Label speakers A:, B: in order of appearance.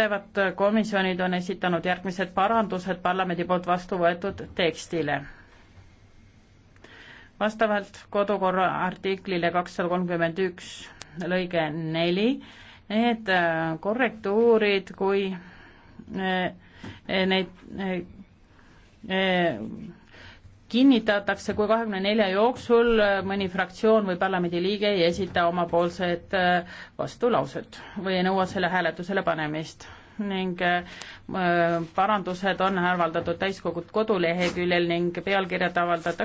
A: pädevad komisjonid on esitanud järgmised parandused parlamendi poolt vastu võetud tekstile. vastavalt kodukorra artiklile kakssada kolmkümmend üks lõige neli, need äh, korrektuurid, kui äh, äh, neid kinnitatakse, kui kahekümne nelja jooksul mõni fraktsioon või parlamendiliige ei esita omapoolset äh, vastulauset või ei nõua selle hääletusele panemist ning äh, parandused on avaldatud täiskogu koduleheküljel
B: ning pealkirjad avaldatakse